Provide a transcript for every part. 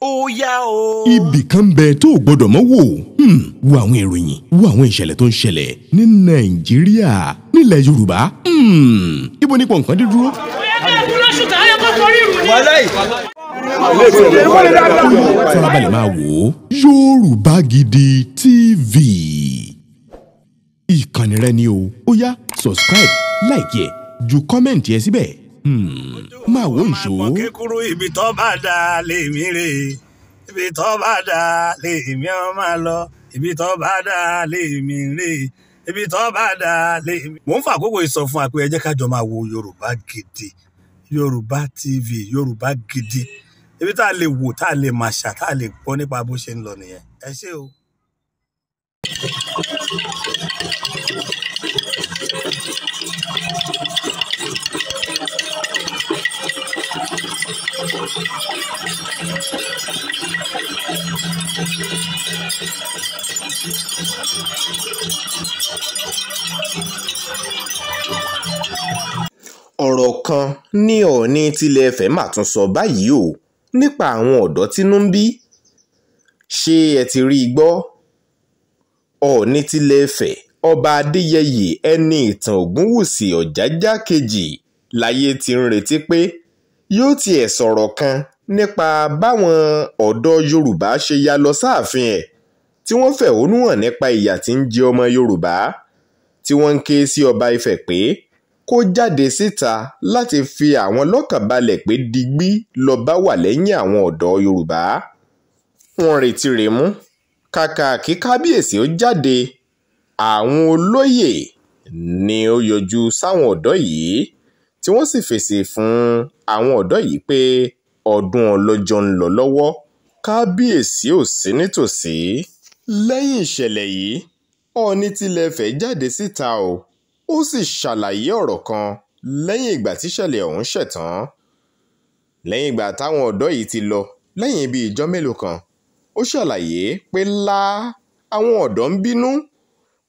ó yá o. ibì kan bẹ tó o gbọdọ̀ mọ́ wò hmm, wo àwọn ìròyìn wo àwọn ìṣẹ̀lẹ̀ tó ń ṣẹlẹ̀ ní nàìjíríà nílẹ̀ yorùbá hmm, ibo ní pọ̀nkan dé dúró. bóyá dúró ṣùgbọ́n ayọ̀kọ́ forí rù ni. wàhálà yìí. farabalẹ̀ máa wò ó Yorùbá Gidi TV ìkànnì rẹ ni o ó yá subscribe like ẹ ju kọ́mẹ̀ntì ẹ síbẹ̀. máa hmm. wo ìṣó. máa pọ̀ kíkúrú ibi tó bá dà lèmi rè ibi tó bá dà lèmi ọ lọ ibi tó bá dà lèmi rè ibi tó bá dà lèmi. mo ń fa gbogbo ìsọfún àpè ẹ jẹ́ wo Yorùbá Gidi Yorùbá TV Yorùbá Gidi ibi tá a lè wò tá a lè tá a lè nípa bó ṣe ń lọ nìyẹn ẹ o. Thank you. ọ̀rọ̀ kan ní òónì tilẹ̀ fẹ́ mà tún sọ báyìí o nípa àwọn ọ̀dọ́ tínú ń bí ṣé ẹ ti rí i gbọ́ òónì tilẹ̀ fẹ́ ọba adéyẹyè ẹni ìtàn ògúnwùsì ọ̀jájá kejì láyé ti ń retí pé yóò tiẹ̀ sọ̀rọ̀ kan nípa báwọn ọ̀dọ́ yorùbá ṣe ya lọ sáàfin ẹ̀ tí wọ́n fẹ̀hónú hàn nípa ìyà tí ń jẹ ọmọ yorùbá tí wọ́n ń ké sí ọba ifẹ̀ pé kó jáde síta láti fi àwọn lọ́kàn balẹ̀ pé digbí lọ́ba wà lẹ́yìn àwọn ọ̀dọ́ yorùbá wọ́n retí rẹ̀ mú kàkà kí kábíyèsí ó jáde àwọn olóyè ni ó yọjú sáwọn ọ̀dọ́ yìí tí wọ́n sì fèsì fún àwọn ọ̀dọ́ yìí pé ọdún ọlọ́jọ́ ń lọ lọ́wọ́ kábíyèsí ò sí nítòsí. lẹ́yìn ìṣẹ̀lẹ̀ yìí ọ̀ọ́ni tilẹ̀ fẹ́ jáde síta o ó sì ṣàlàyé ọ̀rọ̀ kan lẹ́yìn ìgbà tíṣẹ̀lẹ̀ ọ̀hún ṣẹ̀tàn lẹ́yìn ìgbà táwọn ọ̀dọ́ yìí ti lọ lẹ́yìn bíi ìjọ́ mélòó kan ó ṣàlàyé pé lá àwọn ọ̀dọ́ ń bínú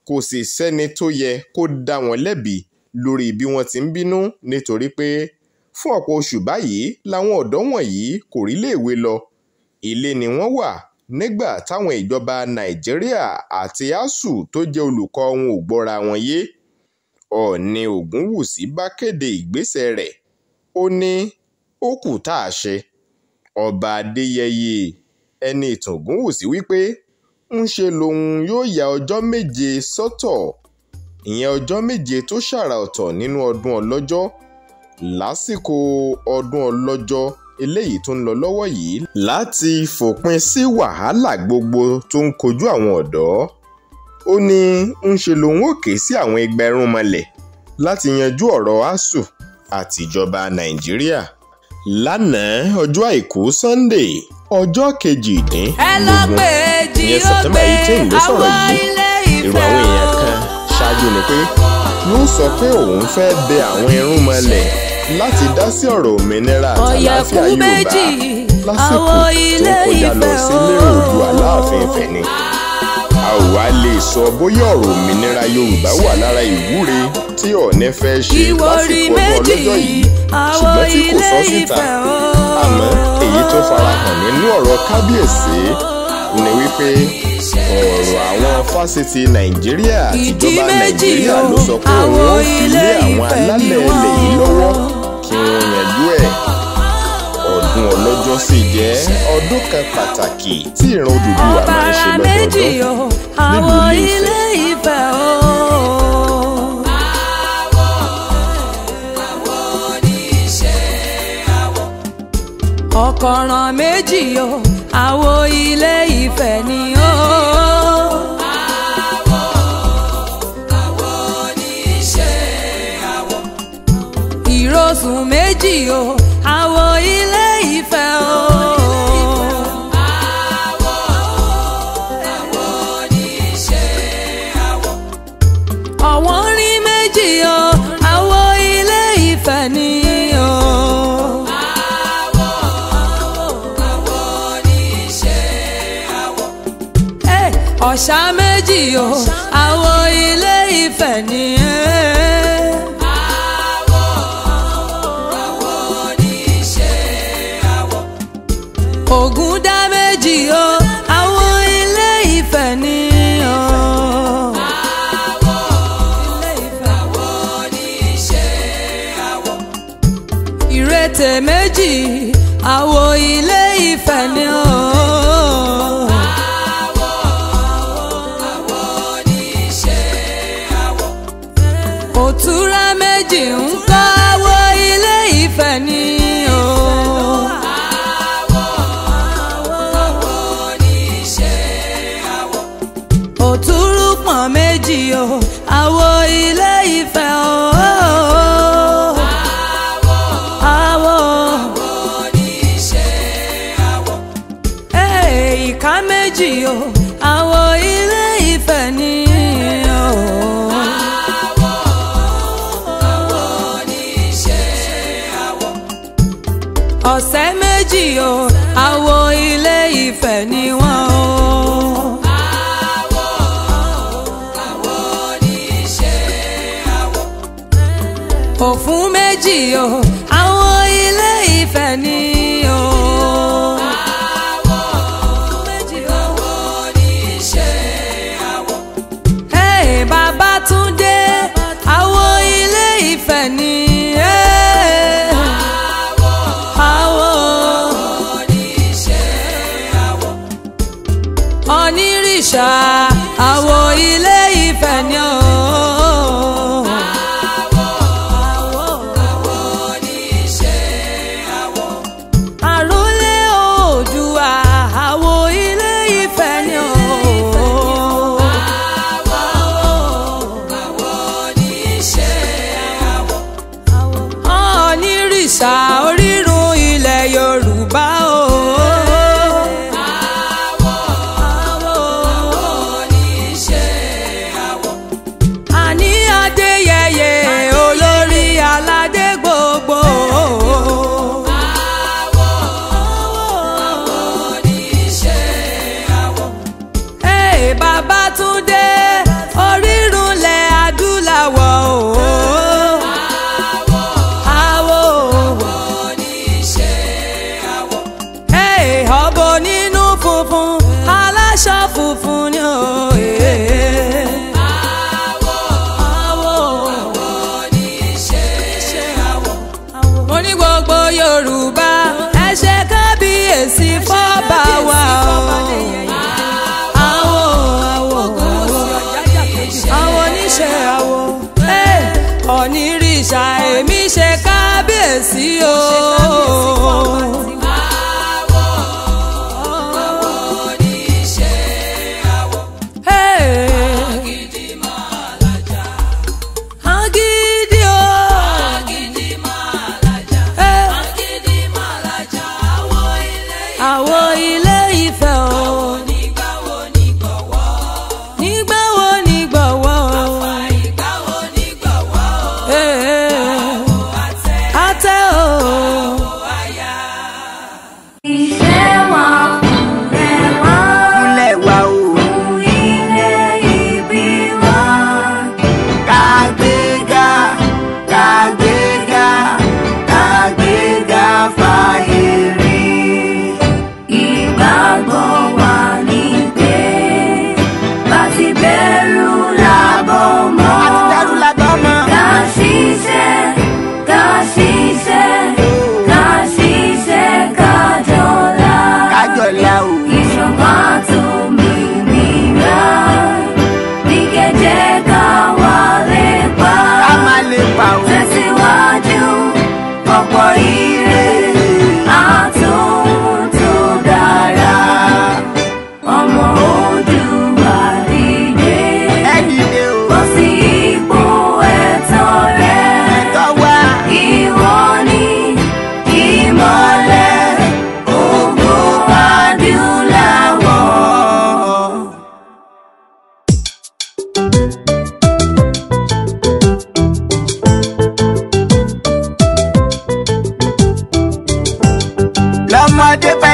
kò sì sẹ́ni tó yẹ kó dá wọn lẹ́bi lórí bí wọ́n ti ń bínú nítorí pé fún ọ̀pọ̀ oṣù báyìí làwọn ọ̀dọ́ wọ̀nyí kò ríléèwé lọ ilé ni wọ́n wà nígbà táwọn ìjọba nàìjíríà àti asuu tó jẹ́ olùkọ́ wọn ò gbọ́ra wọn yé ọ̀ọ̀ni ògúnwùsì bá kéde ìgbésẹ̀ rẹ̀ ó ní ó kù tá a ṣe ọba adéyẹyẹ ẹni ìtàn ògúnwùsì wípé ń ṣe lòun yóò ya ọjọ́ méje sọ́tọ̀ ìyẹn ọjọ́ méje tó ṣàrà ọ̀tọ̀ nínú ọdún ọlọ́jọ́ lásìkò ọdún ọlọ́jọ́ eléyìí tó ń lọ lọ́wọ́ yìí láti fòpin sí wàhálà gbogbo tó ń kojú àwọn ọ̀dọ́ ó ní ń ṣe lòun ó ké sí àwọn ẹgbẹ̀rún mọ́lẹ̀ láti yanjú ọ̀rọ̀ asuu àtìjọba nàìjíríà lánàá ọjọ́ àìkú sunday ọjọ́ kejìdínlógún ìyẹn september eighteen ló sọ̀rọ̀ yìí èrò àwọn èèyàn ṣáájú ni pé ló sọ pé òun fẹ́ bẹ àwọn irúnmọlẹ̀ láti dá sí ọ̀rọ̀ òmìnira àtàláfíà Yorùbá lásìkò tó kọjá lọ sílé Oòduà Aláàfin Ifẹ̀ a ò wá lè sọ bóyá ọ̀rọ̀ òmìnira Yorùbá wà lára ìwúre tí Ọọ̀ni fẹ́ ṣe lásìkò ọdún ọlọ́jọ́ yìí ṣùgbọ́n tí kò sọ síta àmọ́ èyí tó farahàn nínú ọ̀rọ̀ kábíyèsí ni wípé ọ̀rọ̀ àwọn fásitì nàìjíríà àtijọba nàìjíríà ló sọ pé òun ó fi lé àwọn alálẹ̀ ilẹ̀ yìí lọ́wọ́ kí wọ́n yanjú ẹ̀ ọdún ọlọ́jọ́ sì jẹ́ ọdún kan pàtàkì tí ìran Odùduwà máa ń ṣe lọ́dọọdún nílùú Ilé-Ifẹ̀. ọ̀kọ̀ràn méjì o àwo ilé méjì o àwọ̀ ilé ìfẹ́ o. ọ̀wọ́n rí méjì o àwọ̀ ilé ìfẹ́ ni o. àwọ̀ àwọ̀ ní í ṣe àwọ̀. ọ̀sà méjì o. Jogul o àwọ̀ ilé Ifẹ̀ ni o. àwọ̀ àwọ̀ ní í ṣe àwọ̀. ọ̀sẹ̀ méjì o àwọ̀ ilé Ifẹ̀ ni wọ́n o. àwọ̀ àwọ̀ ní í ṣe àwọ̀. òfun méjì o.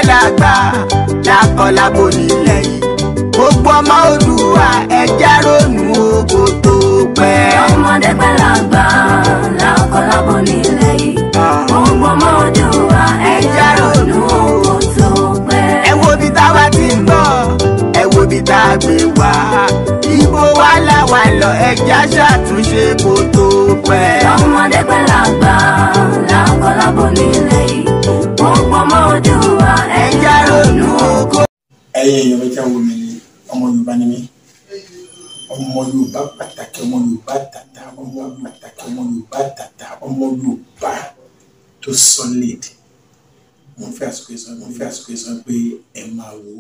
làgbà lákọlábo nílẹ̀ yìí gbogbo ọmọ Oòduà ẹja ronú ogo tó pẹ́. ọmọdé pẹ́ làgbà lákọlábo nílẹ̀ yìí gbogbo ọmọ Oòduà ẹja ronú ogo tó pẹ́. ẹ wo bí táwa ti ń bọ̀ ẹ wo bí tá a gbé wá ibo wa là wà lọ ẹja ṣàtúnṣe kó tó pẹ́. ọmọdé pẹ́ làgbà lákọlábo nílẹ̀ yìí ẹ̀yin èèyàn mi tẹ́ ń wo mi ni ọmọ yorùbá ni mí ọmọ yorùbá pàtàkì ọmọ yorùbá tàtà ọmọ pàtàkì ọmọ yorùbá tàtà ọmọ yorùbá tó solid mo fẹ́ àsìkò ìsọ mo fẹ́ àsìkò ìsọ pé ẹ máa wo.